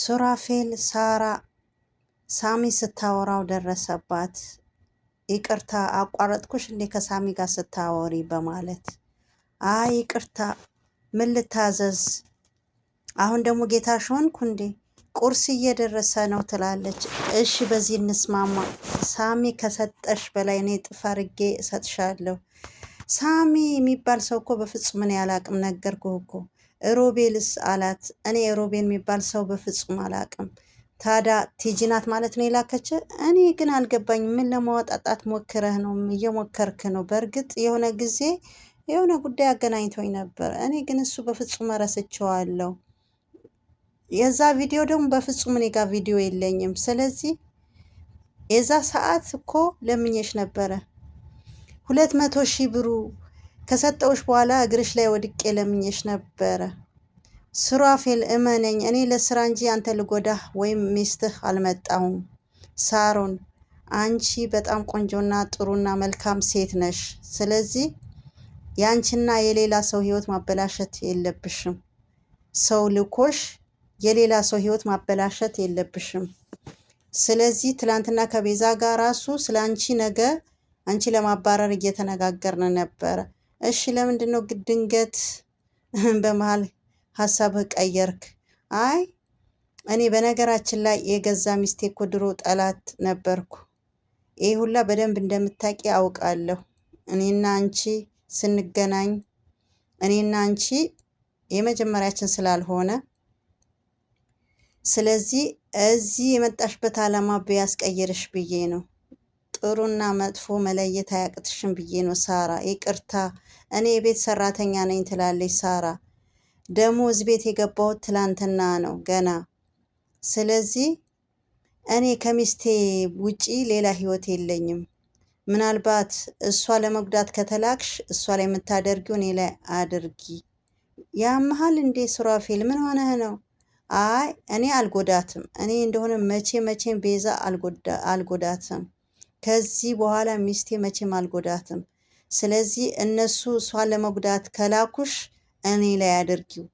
ሱራፌል ሳራ ሳሚ ስታወራው ደረሰባት። ይቅርታ አቋረጥኩሽ እንዴ ከሳሚ ጋር ስታወሪ በማለት አይ ይቅርታ፣ ምን ልታዘዝ? አሁን ደግሞ ጌታሽ ሆንኩ እንዴ ቁርስ እየደረሰ ነው ትላለች። እሺ በዚህ እንስማማ፣ ሳሚ ከሰጠሽ በላይ እኔ ጥፍ እሰጥሻለሁ። ሳሚ የሚባል ሰው እኮ በፍጹም እኔ አላቅም፣ ነገርኩህ እኮ ሮቤልስ አላት። እኔ ሮቤል የሚባል ሰው በፍጹም አላቅም ታዳ ቲጂናት ማለት ነው የላከች። እኔ ግን አልገባኝ። ምን ለማወጣጣት ሞክረህ ነው? እየሞከርክ ነው? በእርግጥ የሆነ ጊዜ የሆነ ጉዳይ አገናኝቶኝ ነበር። እኔ ግን እሱ በፍጹም ረስቸዋለሁ። የዛ ቪዲዮ ደግሞ በፍጹም እኔ ጋር ቪዲዮ የለኝም። ስለዚህ የዛ ሰዓት እኮ ለምኜሽ ነበረ ሁለት መቶ ሺህ ብሩ ከሰጠውሽ በኋላ እግርሽ ላይ ወድቄ ለምኜሽ ነበረ። ሱራፌል እመነኝ፣ እኔ ለስራ እንጂ አንተ ልጎዳህ ወይም ሚስትህ አልመጣሁም። ሳሮን አንቺ በጣም ቆንጆና ጥሩና መልካም ሴት ነሽ። ስለዚህ የአንቺና የሌላ ሰው ህይወት ማበላሸት የለብሽም። ሰው ልኮሽ የሌላ ሰው ህይወት ማበላሸት የለብሽም። ስለዚህ ትላንትና ከቤዛ ጋር ራሱ ስለ አንቺ ነገ አንቺ ለማባረር እየተነጋገርን ነበረ። እሺ ለምንድን ነው ድንገት በመሀል ሀሳብህ ቀየርክ? አይ እኔ በነገራችን ላይ የገዛ ሚስቴ እኮ ድሮ ጠላት ነበርኩ። ይህ ሁላ በደንብ እንደምታውቂ አውቃለሁ። እኔና አንቺ ስንገናኝ እኔና አንቺ የመጀመሪያችን ስላልሆነ ስለዚህ እዚህ የመጣሽበት ዓላማ ቢያስቀይርሽ ብዬ ነው። ጥሩና መጥፎ መለየት አያቅትሽም ብዬ ነው ሳራ። ይቅርታ እኔ የቤት ሰራተኛ ነኝ ትላለች ሳራ። ደሞዝ ቤት የገባሁት ትላንትና ነው ገና። ስለዚህ እኔ ከሚስቴ ውጪ ሌላ ህይወት የለኝም። ምናልባት እሷ ለመጉዳት ከተላክሽ እሷ ላይ የምታደርጊው እኔ ላይ አድርጊ። ያመሃል እንዴ ሱራፌል? ምን ሆነህ ነው? አይ እኔ አልጎዳትም። እኔ እንደሆነ መቼ መቼም ቤዛ አልጎዳትም። ከዚህ በኋላ ሚስቴ መቼም አልጎዳትም። ስለዚህ እነሱ እሷን ለመጉዳት ከላኩሽ እኔ ላይ አድርጊው።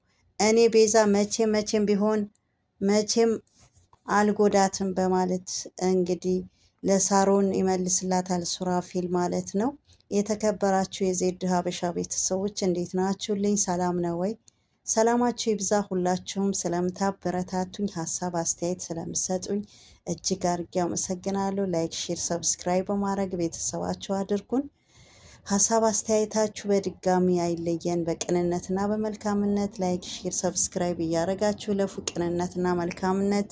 እኔ ቤዛ መቼም መቼም ቢሆን መቼም አልጎዳትም በማለት እንግዲህ ለሳሮን ይመልስላታል ሱራፊል ማለት ነው። የተከበራችሁ የዜድ ሀበሻ ቤተሰቦች እንዴት ናችሁልኝ? ሰላም ነው ወይ? ሰላማችሁ ይብዛ። ሁላችሁም ስለምታበረታቱኝ፣ ሀሳብ አስተያየት ስለምሰጡኝ እጅግ አድርጌ አመሰግናለሁ። ላይክ፣ ሼር፣ ሰብስክራይብ በማድረግ ቤተሰባችሁ አድርጉን። ሀሳብ አስተያየታችሁ በድጋሚ አይለየን። በቅንነትና በመልካምነት ላይክ፣ ሼር፣ ሰብስክራይብ እያደረጋችሁ ለፉ ቅንነትና መልካምነት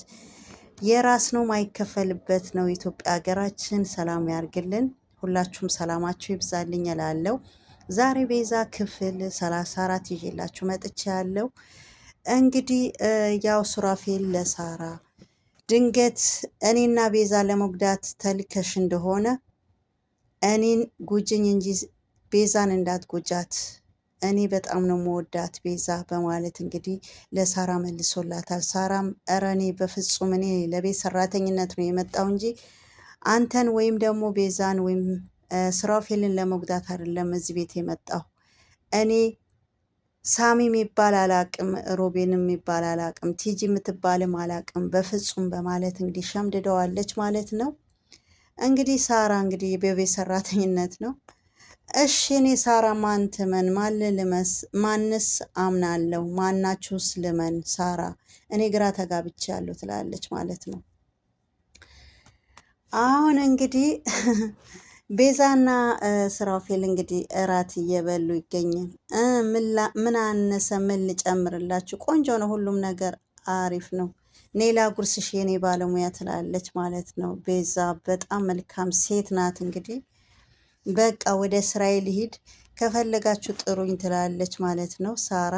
የራስ ነው ማይከፈልበት ነው። ኢትዮጵያ ሀገራችን ሰላም ያርግልን። ሁላችሁም ሰላማችሁ ይብዛልኝ እላለሁ። ዛሬ ቤዛ ክፍል ሰላሳ አራት ይዤላችሁ መጥቼ ያለው እንግዲህ ያው ሱራፌል ለሳራ ድንገት እኔና ቤዛ ለመጉዳት ተልከሽ እንደሆነ እኔን ጉጅኝ እንጂ ቤዛን እንዳትጎጃት እኔ በጣም ነው መወዳት ቤዛ በማለት እንግዲህ ለሳራ መልሶላታል። ሳራም እረ እኔ በፍጹም እኔ ለቤት ሰራተኝነት ነው የመጣው እንጂ አንተን ወይም ደግሞ ቤዛን ወይም ስራፌልን ለመጉዳት አይደለም እዚህ ቤት የመጣው እኔ ሳሚ የሚባል አላቅም፣ ሮቤን የሚባል አላቅም፣ ቲጂ የምትባልም አላቅም በፍጹም በማለት እንግዲህ ሸምድደዋለች ማለት ነው። እንግዲህ ሳራ እንግዲህ በቤት ሰራተኝነት ነው። እሺ እኔ ሳራ ማን ትመን ማን ልመስ ማንስ አምናለሁ ማናችሁስ ልመን ሳራ እኔ ግራ ያለው ትላለች ማለት ነው። አሁን እንግዲህ ቤዛና ስራፌል እንግዲህ እራት እየበሉ ይገኛል። ምን አነሰ? ምን ልጨምርላችሁ? ቆንጆ ነው፣ ሁሉም ነገር አሪፍ ነው። ኔላ ጉርስሽ የኔ ባለሙያ ትላለች ማለት ነው። ቤዛ በጣም መልካም ሴት ናት። እንግዲህ በቃ ወደ እስራኤል ሂድ ከፈለጋችሁ ጥሩኝ ትላለች ማለት ነው። ሳራ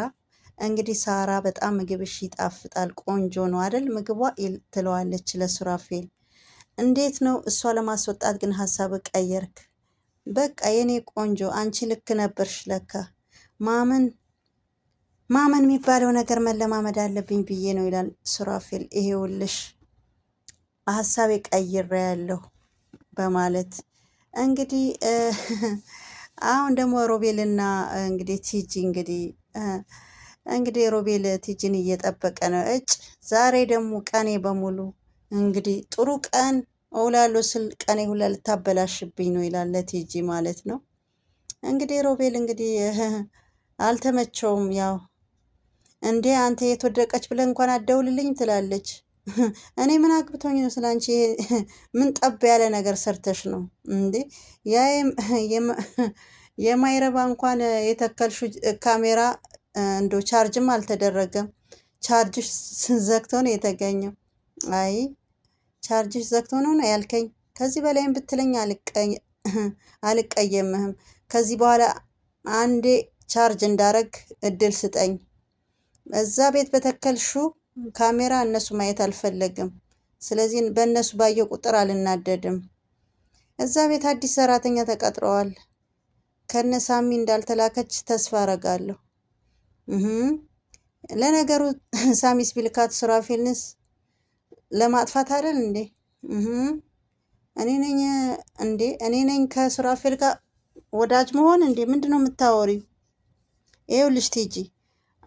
እንግዲህ ሳራ በጣም ምግብሽ ይጣፍጣል፣ ቆንጆ ነው አደል ምግቧ ትለዋለች ለሱራፌል እንዴት ነው እሷ ለማስወጣት ግን ሀሳብ ቀየርክ? በቃ የኔ ቆንጆ አንቺ ልክ ነበርሽ ለካ። ማመን ማመን የሚባለው ነገር መለማመድ አለብኝ ብዬ ነው ይላል ሱራፌል። ይሄውልሽ ሀሳቤ ቀይሬ ያለሁ በማለት እንግዲህ አሁን ደግሞ ሮቤልና እንግዲህ ቲጂ እንግዲህ እንግዲህ ሮቤል ቲጂን እየጠበቀ ነው። እጭ ዛሬ ደግሞ ቀኔ በሙሉ እንግዲህ ጥሩ ቀን እውላለሁ ስል ቀኔ ሁላ ልታበላሽብኝ ነው ይላል ለቲጂ ማለት ነው። እንግዲህ ሮቤል እንግዲህ አልተመቸውም። ያው እንዴ አንተ የት ወደቀች ብለህ እንኳን አደውልልኝ ትላለች። እኔ ምን አግብቶኝ ነው ስላንቺ ምን ጠብ ያለ ነገር ሰርተሽ ነው እንዴ? ያ የማይረባ እንኳን የተከልሹ ካሜራ እንዶ ቻርጅም አልተደረገም። ቻርጅሽ ስንዘግተው ነው የተገኘው። አይ ቻርጅሽ ዘግቶ ነው ነው ያልከኝ? ከዚህ በላይም ብትለኝ አልቀየምህም። ከዚህ በኋላ አንዴ ቻርጅ እንዳረግ እድል ስጠኝ። እዛ ቤት በተከልሹ ካሜራ እነሱ ማየት አልፈለግም። ስለዚህ በእነሱ ባየው ቁጥር አልናደድም። እዛ ቤት አዲስ ሰራተኛ ተቀጥረዋል። ከነ ሳሚ እንዳልተላከች ተስፋ አረጋለሁ። ለነገሩ ሳሚስ ቢልካት ሱራፌልንስ ለማጥፋት አይደል እንዴ? እኔ ነኝ እንዴ? እኔ ነኝ ከሱራፌል ጋር ወዳጅ መሆን እንዴ? ምንድን ነው የምታወሪው? ይኸውልሽ ቲጂ፣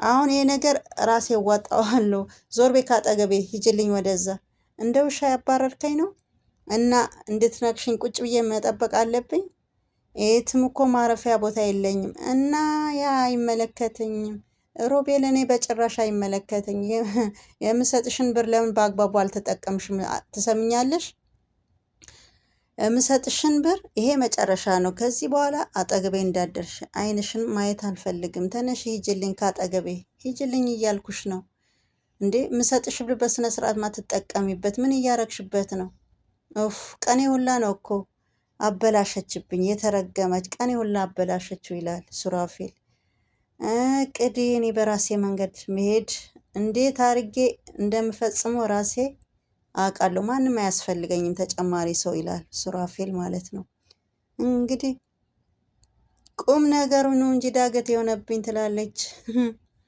አሁን ይሄ ነገር ራሴ እዋጣዋለሁ። ዞር ቤ ካጠገቤ ሂጅልኝ፣ ወደዛ እንደ ውሻ ያባረርከኝ ነው እና እንድትነቅሽኝ ቁጭ ብዬ መጠበቅ አለብኝ? የትም እኮ ማረፊያ ቦታ የለኝም እና ያ አይመለከተኝም። ሮቤል እኔ በጭራሽ አይመለከተኝ። የምሰጥሽን ብር ለምን በአግባቡ አልተጠቀምሽም? ትሰምኛለሽ? የምሰጥሽን ብር ይሄ መጨረሻ ነው። ከዚህ በኋላ አጠገቤ እንዳደርሽ አይንሽን ማየት አልፈልግም። ተነሽ ሂጅልኝ፣ ከአጠገቤ ሂጅልኝ እያልኩሽ ነው። እንዴ ምሰጥሽ ብር በስነ ስርዓት ማትጠቀሚበት ምን እያረግሽበት ነው? ኡፍ ቀኔ ሁላ ነው እኮ አበላሸችብኝ። የተረገመች ቀኔ ሁላ አበላሸችው ይላል ሱራፌል። እቅዴ እኔ በራሴ መንገድ መሄድ እንዴት አድርጌ እንደምፈጽመው ራሴ አውቃለሁ። ማንም አያስፈልገኝም ተጨማሪ ሰው ይላል ሱራፌል ማለት ነው። እንግዲህ ቁም ነገሩ ነው እንጂ ዳገት የሆነብኝ ትላለች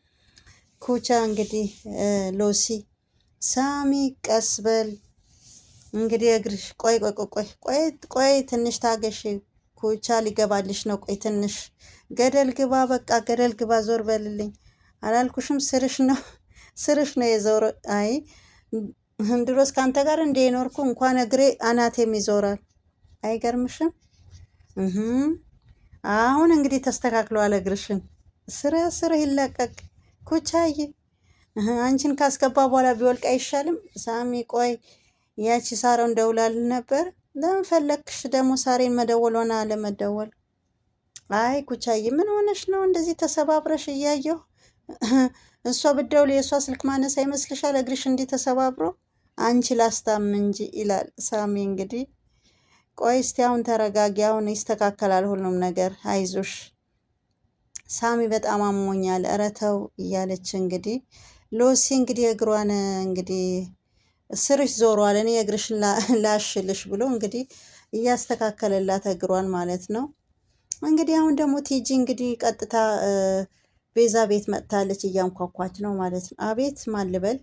ኩቻ። እንግዲህ ሎሲ ሳሚ ቀስበል እንግዲህ እግርሽ ቆይ ቆይ ቆይ ቆይ ቆይ ትንሽ ታገሽ ኩቻ ሊገባልሽ ነው። ቆይ ትንሽ ገደል ግባ፣ በቃ ገደል ግባ፣ ዞር በልልኝ አላልኩሽም? ስርሽ ነው ስርሽ ነው የዞረ። አይ ድሮስ ከአንተ ጋር እንደ ኖርኩ እንኳን እግሬ አናቴም ይዞራል። አይገርምሽም? አሁን እንግዲህ ተስተካክሎ እግርሽን። ስረ ስርህ ይለቀቅ ኩቻዬ። አንቺን ካስገባ በኋላ ቢወልቅ አይሻልም? ሳሚ ቆይ ያቺ ሳረው እንደውላል ነበር ለምን ፈለግሽ ደግሞ ሳሬን መደወል ሆነ አለመደወል? አይ ኩቻዬ ምን ሆነሽ ነው እንደዚህ ተሰባብረሽ እያየሁ እሷ ብደውል የእሷ ስልክ ማነሳ ይመስልሻል? እግርሽ እንዲህ ተሰባብሮ አንቺ ላስታም እንጂ ይላል ሳሚ። እንግዲህ ቆይ እስቲ አሁን ተረጋጊ፣ አሁን ይስተካከላል ሁሉም ነገር አይዞሽ። ሳሚ በጣም አሞኛል እረተው እያለች እንግዲህ ሎሲ እንግዲህ እግሯን እንግዲህ ስርሽ ዞሯል፣ እኔ እግርሽን ላሽልሽ ብሎ እንግዲህ እያስተካከለላት እግሯን ማለት ነው። እንግዲህ አሁን ደግሞ ቲጂ እንግዲህ ቀጥታ ቤዛ ቤት መጥታለች፣ እያንኳኳች ነው ማለት ነው። አቤት ማልበል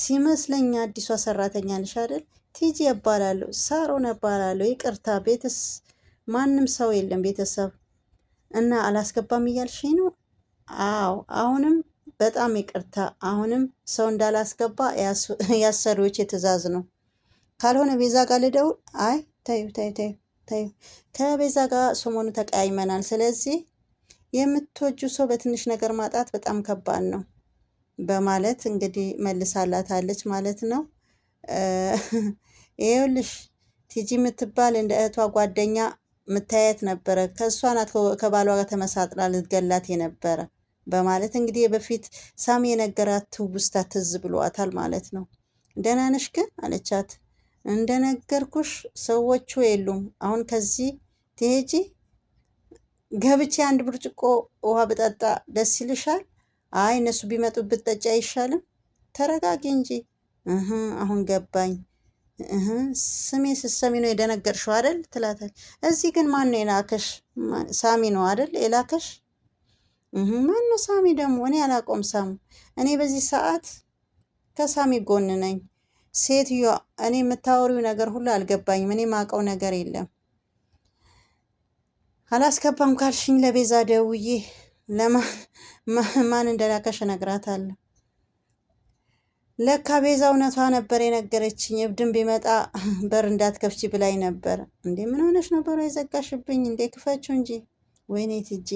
ሲመስለኛ አዲሷ ሰራተኛ ነሽ አይደል? ቲጂ እባላለሁ፣ ሳሮን እባላለሁ። ይቅርታ ቤትስ ማንም ሰው የለም ቤተሰብ እና አላስገባም እያልሽ ነው? አዎ አሁንም በጣም ይቅርታ። አሁንም ሰው እንዳላስገባ ያሰሪዎች የትእዛዝ ነው። ካልሆነ ቤዛ ጋር ልደውል። አይ ተዩ ተዩ ተዩ ተዩ። ከቤዛ ጋር ሰሞኑ ተቀያይመናል። ስለዚህ የምትወጁ ሰው በትንሽ ነገር ማጣት በጣም ከባድ ነው በማለት እንግዲህ መልሳላታለች ማለት ነው። ይኸውልሽ ቲጂ የምትባል እንደ እህቷ ጓደኛ ምታየት ነበረ። ከእሷ ናት ከባሏ ጋር ተመሳጥራ ልትገላት የነበረ በማለት እንግዲህ በፊት ሳሚ የነገራት ትውስታ ትዝ ብሏታል ማለት ነው። ደህና ነሽ ግን አለቻት። እንደነገርኩሽ ሰዎቹ የሉም። አሁን ከዚህ ትሄጂ፣ ገብቼ አንድ ብርጭቆ ውሃ ብጠጣ ደስ ይልሻል? አይ እነሱ ቢመጡ ብትጠጪ አይሻልም? ተረጋጊ እንጂ። አሁን ገባኝ። ስሜ ስትሰሚ ነው የደነገርሽው አደል? ትላታል። እዚህ ግን ማን ነው የላከሽ? ሳሚ ነው አደል የላከሽ? ማነው ሳሚ ደግሞ? እኔ አላቆም ሳሙ። እኔ በዚህ ሰዓት ከሳሚ ጎን ነኝ። ሴትዮ እኔ የምታወሪው ነገር ሁሉ አልገባኝም። እኔ ማውቀው ነገር የለም። አላስገባም ካልሽኝ ለቤዛ ደውዬ ለማን እንደላከሽ እነግራታለሁ። ለካ ቤዛ እውነቷ ነበር የነገረችኝ። እብድን ቢመጣ በር እንዳትከፍቺ ብላኝ ነበር። እንዴ ምን ሆነሽ ነበረ የዘጋሽብኝ? እንዴ ክፈችው እንጂ። ወይኔ ትጄ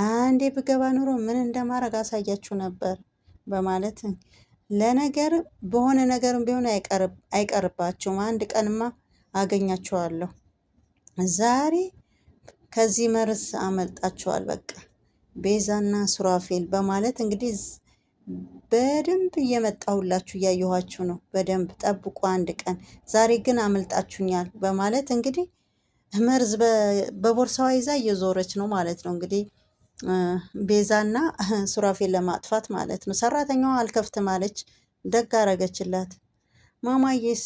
አንዴ ብገባ ኑሮ ምን እንደማድረግ አሳያችሁ ነበር በማለት ለነገር በሆነ ነገርም ቢሆን አይቀርባችሁም። አንድ ቀንማ አገኛችኋለሁ። ዛሬ ከዚህ መርዝ አመልጣችኋል። በቃ ቤዛና ሱራፌል በማለት እንግዲህ በደንብ እየመጣሁላችሁ እያየኋችሁ ነው። በደንብ ጠብቁ፣ አንድ ቀን ዛሬ ግን አመልጣችሁኛል በማለት እንግዲህ መርዝ በቦርሳዋ ይዛ እየዞረች ነው ማለት ነው እንግዲህ ቤዛና ሱራፌን ለማጥፋት ማለት ነው። ሰራተኛዋ አልከፍትም አለች። ደግ አረገችላት። ማማዬስ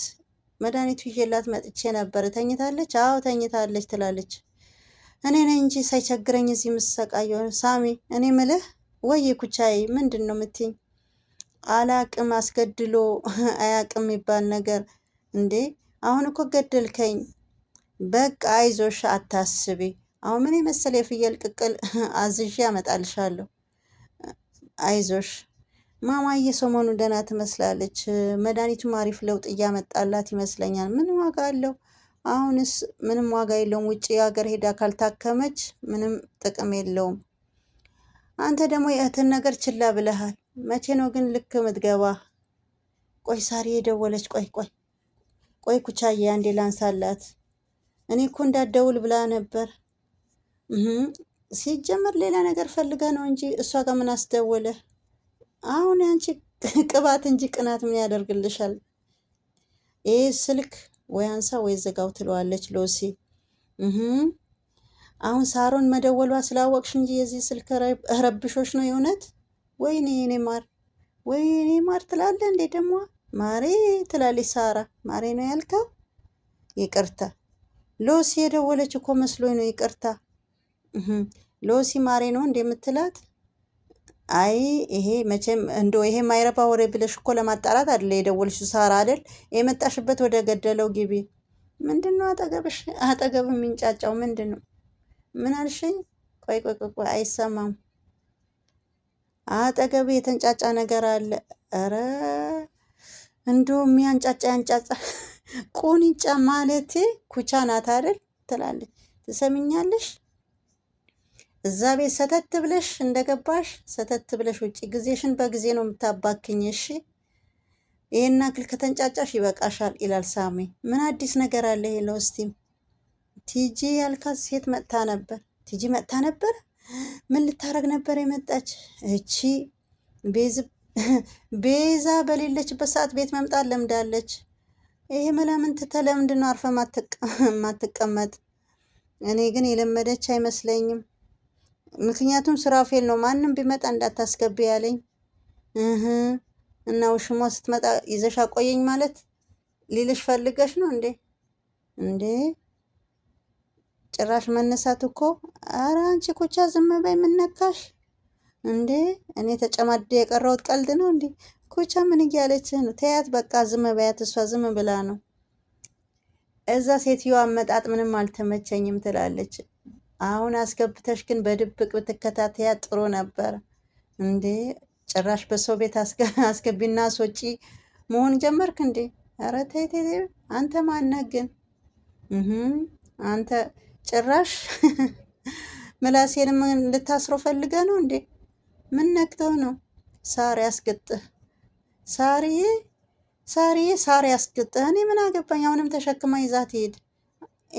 መድኃኒቱ ይዤላት መጥቼ ነበር። ተኝታለች? አዎ ተኝታለች ትላለች። እኔ ነኝ እንጂ ሳይቸግረኝ እዚህ የምትሰቃየው ሳሚ። እኔ ምልህ ወይ ኩቻዬ፣ ምንድን ነው የምትይኝ? አላቅም አስገድሎ አያቅም የሚባል ነገር እንዴ! አሁን እኮ ገደልከኝ። በቃ አይዞሽ፣ አታስቢ አሁን ምን የመሰለ የፍየል ቅቅል አዝዤ አመጣልሻለሁ። አይዞሽ ማማዬ ሰሞኑን ደህና ትመስላለች። መድኃኒቱም አሪፍ ለውጥ እያመጣላት ይመስለኛል። ምን ዋጋ አለው? አሁንስ ምንም ዋጋ የለውም። ውጭ ሀገር ሄዳ ካልታከመች ምንም ጥቅም የለውም። አንተ ደግሞ የእህትን ነገር ችላ ብለሃል። መቼ ነው ግን ልክ ምትገባ? ቆይ ሳሪ የደወለች ቆይ ቆይ ቆይ ኩቻዬ አንዴ ላንሳላት። እኔ እኮ እንዳትደውል ብላ ነበር። ሲጀመር ሌላ ነገር ፈልገ ነው እንጂ እሷ ጋር ምን አስደወለ? አሁን ያንቺ ቅባት እንጂ ቅናት ምን ያደርግልሻል? ይህ ስልክ ወይ አንሳ ወይ ዘጋው ትለዋለች ሎሲ። አሁን ሳሮን መደወሏ ስላወቅሽ እንጂ የዚህ ስልክ ረብሾች ነው የእውነት። ወይኔ የኔ ማር፣ ወይኔ ማር ትላለ እንዴ ደግሞ ማሬ ትላለች ሳራ። ማሬ ነው ያልከው? ይቅርታ ሎሲ የደወለች እኮ መስሎኝ ነው። ይቅርታ ሎሲ ማሬ ነው እንደምትላት አይ ይሄ መቼም እንዶ ይሄ ማይረባ ወሬ ብለሽ እኮ ለማጣራት አይደለ የደወልሽ ሳራ አይደል የመጣሽበት ወደ ገደለው ግቢ ምንድን ነው አጠገብሽ አጠገብ የሚንጫጫው ምንድን ነው ምን አልሽኝ ቆይ ቆይ ቆይ አይሰማም አጠገብ የተንጫጫ ነገር አለ ኧረ እንዶ የሚያንጫጫ ያንጫጫ ቁንጫ ማለቴ ኩቻ ናት አይደል ትላለች ትሰምኛለሽ እዛ ቤት ሰተት ብለሽ እንደገባሽ ሰተት ብለሽ ውጪ። ጊዜሽን በጊዜ ነው የምታባክኝ። እሺ ይሄን አክል ከተንጫጫሽ ይበቃሻል፣ ይላል ሳሚ። ምን አዲስ ነገር አለ? የለው እስቲ ቲጂ ያልካት ሴት መጥታ ነበር። ቲጂ መጥታ ነበር? ምን ልታረግ ነበር የመጣች? እቺ ቤዛ በሌለችበት ሰዓት ቤት መምጣት ለምዳለች። ይሄ መላምንት ተለምድ ነው አርፈ ማትቀመጥ። እኔ ግን የለመደች አይመስለኝም። ምክንያቱም ፌል ነው ማንም ቢመጣ እንዳታስገቢ ያለኝ እና ውሽሟ ስትመጣ ይዘሽ አቆየኝ ማለት ሊልሽ ፈልገሽ ነው እንዴ? እንዴ ጭራሽ መነሳት እኮ አረ አንቺ ኮቻ ዝም በይ የምነካሽ እንዴ? እኔ ተጨማድደ የቀረውት ቀልድ ነው እንዴ? ኮቻ ምን እያለች ነው? ተያት በቃ ዝም በያት፣ እሷ ዝም ብላ ነው። እዛ ሴትዮዋ አመጣጥ ምንም አልተመቸኝም ትላለች። አሁን አስገብተሽ ግን በድብቅ ብትከታተያ ጥሩ ነበር እንዴ! ጭራሽ በሰው ቤት አስገቢና አስወጪ መሆን ጀመርክ እንዴ! ኧረ ተይ ተይ አንተ ማነህ ግን? አንተ ጭራሽ ምላሴንም ልታስሮ ፈልገ ነው እንዴ? ምን ነክተው ነው? ሳሪ አስገጥህ፣ ሳሪ ሳሪ ሳሪ አስገጥህ። እኔ ምን አገባኝ? አሁንም ተሸክማ ይዛት ትሄድ።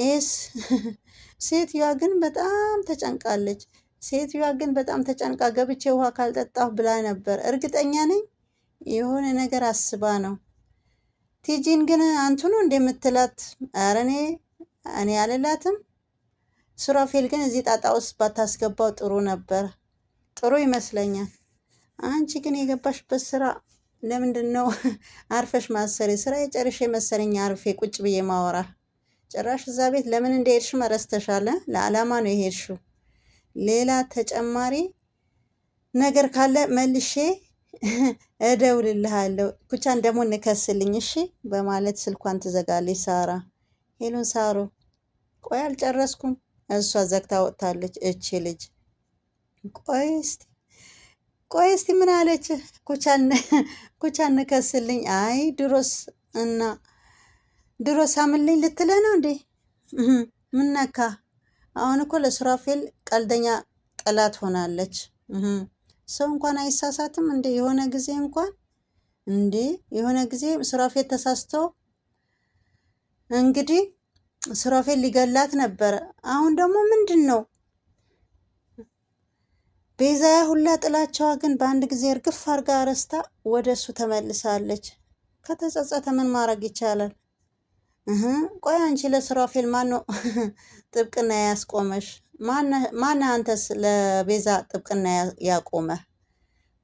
ኤስ ሴትዮዋ ግን በጣም ተጨንቃለች። ሴትዮዋ ግን በጣም ተጨንቃ ገብቼ ውሃ ካልጠጣሁ ብላ ነበር። እርግጠኛ ነኝ የሆነ ነገር አስባ ነው። ቲጂን ግን አንቱኑ እንደምትላት ኧረ እኔ እኔ አልላትም። ሱራፌል ግን እዚህ ጣጣ ውስጥ ባታስገባው ጥሩ ነበር፣ ጥሩ ይመስለኛል። አንቺ ግን የገባሽበት ስራ ለምንድን ነው አርፈሽ ማሰሬ? ስራ የጨርሼ መሰለኝ አርፌ ቁጭ ብዬ ማወራ ጭራሽ እዛ ቤት ለምን መረስ ተሻለ ለዓላማ ነው የሄድሽው። ሌላ ተጨማሪ ነገር ካለ መልሼ እደውልልሃለሁ። ኩቻን ደግሞ እንከስልኝ እሺ በማለት ስልኳን ትዘጋለች ሳራ። ሄሉን ሳሩ ቆይ አልጨረስኩም። እሷ ዘግታ ወጥታለች። እቺ ልጅ ቆይ እስቲ ቆይ እስቲ ምን አለች? ኩቻን ኩቻን እንከስልኝ። አይ ድሮስ እና ድሮ ሳምልኝ ልትለ ነው እንዴ? ምነካ? አሁን እኮ ለሱራፌል ቀልደኛ ጠላት ሆናለች። ሰው እንኳን አይሳሳትም እንዴ? የሆነ ጊዜ እንኳን እንዴ የሆነ ጊዜ ሱራፌል ተሳስቶ እንግዲህ ሱራፌል ሊገላት ነበረ። አሁን ደግሞ ምንድን ነው ቤዛያ ሁላ ጥላቸዋ ግን በአንድ ጊዜ እርግፍ አርጋ ረስታ ወደ እሱ ተመልሳለች። ከተጸጸተ ምን ማድረግ ይቻላል? ቆይ አንቺ ለሱራፌል ማን ነው ጥብቅና ያስቆመሽ? ማን አንተስ ለቤዛ ጥብቅና ያቆመ?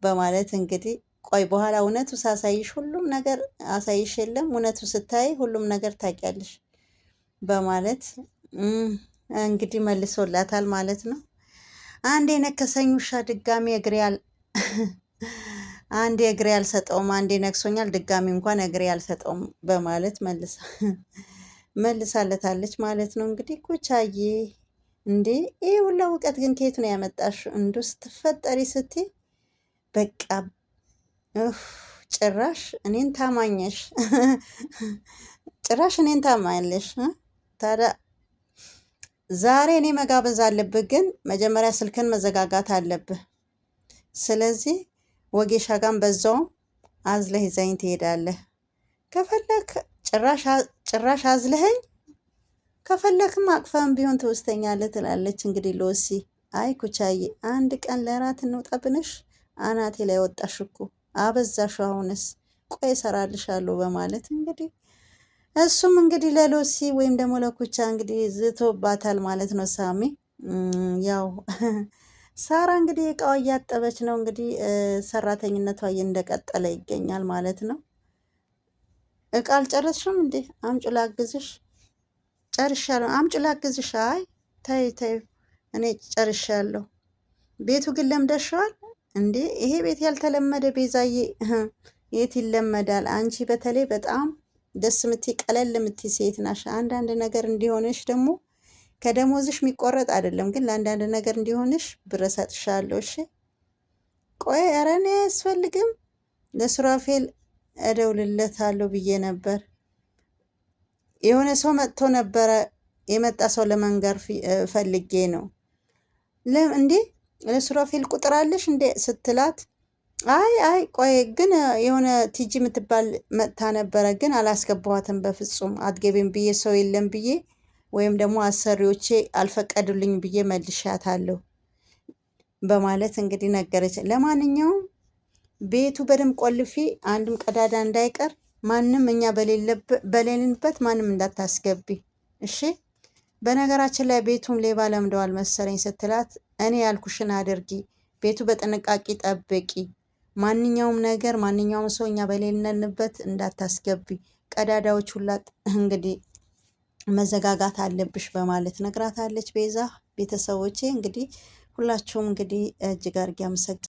በማለት እንግዲህ ቆይ በኋላ እውነቱ ሳሳይሽ ሁሉም ነገር አሳይሽ የለም እውነቱ ስታይ ሁሉም ነገር ታውቂያለሽ በማለት እንግዲህ መልሶላታል ማለት ነው። አንዴ ነከሰኝ ውሻ ድጋሚ እግሬ አንዴ እግሬ አልሰጠውም፣ አንዴ ነክሶኛል፣ ድጋሚ እንኳን እግሬ አልሰጠውም በማለት መልሳ መልሳለታለች ማለት ነው። እንግዲህ ኩቻዬ እንዴ ይህ ሁላ እውቀት ግን ከየት ነው ያመጣሽ? እንዱ ስትፈጠሪ ስትይ በቃ ጭራሽ እኔን ታማኘሽ፣ ጭራሽ እኔን ታማለሽ። ታዲያ ዛሬ እኔ መጋበዝ አለብህ፣ ግን መጀመሪያ ስልክን መዘጋጋት አለብህ። ስለዚህ ወጌሻ ጋም በዛውም አዝለህ ይዘኝ ትሄዳለህ። ከፈለክ ጭራሽ አዝለህኝ ከፈለክም አቅፈህም ቢሆን ትወስተኛለህ ትላለች። እንግዲህ ሎሲ አይ ኩቻዬ፣ አንድ ቀን ለራት እንውጣ ብንሽ አናቴ ላይ ወጣሽ እኮ አበዛሽ። አሁንስ ቆይ እሰራልሻለሁ በማለት እንግዲህ እሱም እንግዲህ ለሎሲ ወይም ደግሞ ለኩቻ እንግዲህ ዝቶባታል ማለት ነው። ሳሚ ያው ሳራ እንግዲህ እቃዋ እያጠበች ነው። እንግዲህ ሰራተኝነቷ እንደቀጠለ ይገኛል ማለት ነው። እቃ አልጨረስሽም እንዴ? አምጩ ላግዝሽ። ጨርሻለሁ። አምጩ ላግዝሽ። አይ ተይ ተይ፣ እኔ ጨርሻለሁ። ቤቱ ግን ለምደሽዋል እንዴ? ይሄ ቤት ያልተለመደ ቤዛዬ፣ የት ይለመዳል? አንቺ በተለይ በጣም ደስ ምትይ ቀለል ምትይ ሴት ናሽ። አንዳንድ ነገር እንዲሆነሽ ደግሞ ከደሞዝሽ የሚቆረጥ አይደለም፣ ግን ለአንዳንድ ነገር እንዲሆንሽ ብር እሰጥሻለሁ። እሺ ቆይ፣ ኧረ እኔ አያስፈልግም ለሱራፌል እደውልለታለሁ ብዬ ነበር። የሆነ ሰው መጥቶ ነበረ። የመጣ ሰው ለመንገር ፈልጌ ነው። እንዴ ለሱራፌል ቁጥር አለሽ እንዴ ስትላት፣ አይ አይ ቆይ ግን የሆነ ቲጂ የምትባል መጥታ ነበረ፣ ግን አላስገባኋትም። በፍጹም አትገቢም ብዬ ሰው የለም ብዬ ወይም ደግሞ አሰሪዎቼ አልፈቀዱልኝ ብዬ መልሻታለሁ በማለት እንግዲህ ነገረች። ለማንኛውም ቤቱ በደንብ ቆልፌ አንድም ቀዳዳ እንዳይቀር ማንም እኛ በሌልንበት ማንም እንዳታስገቢ እሺ። በነገራችን ላይ ቤቱም ሌባ ለምደዋል መሰለኝ ስትላት፣ እኔ ያልኩሽን አድርጊ፣ ቤቱ በጥንቃቄ ጠብቂ፣ ማንኛውም ነገር ማንኛውም ሰው እኛ በሌለንበት እንዳታስገቢ፣ ቀዳዳዎች ሁላ እንግዲህ መዘጋጋት አለብሽ በማለት ነግራታለች ቤዛ። ቤተሰቦቼ እንግዲህ ሁላችሁም እንግዲህ እጅግ አድርጌ አመሰግናለሁ።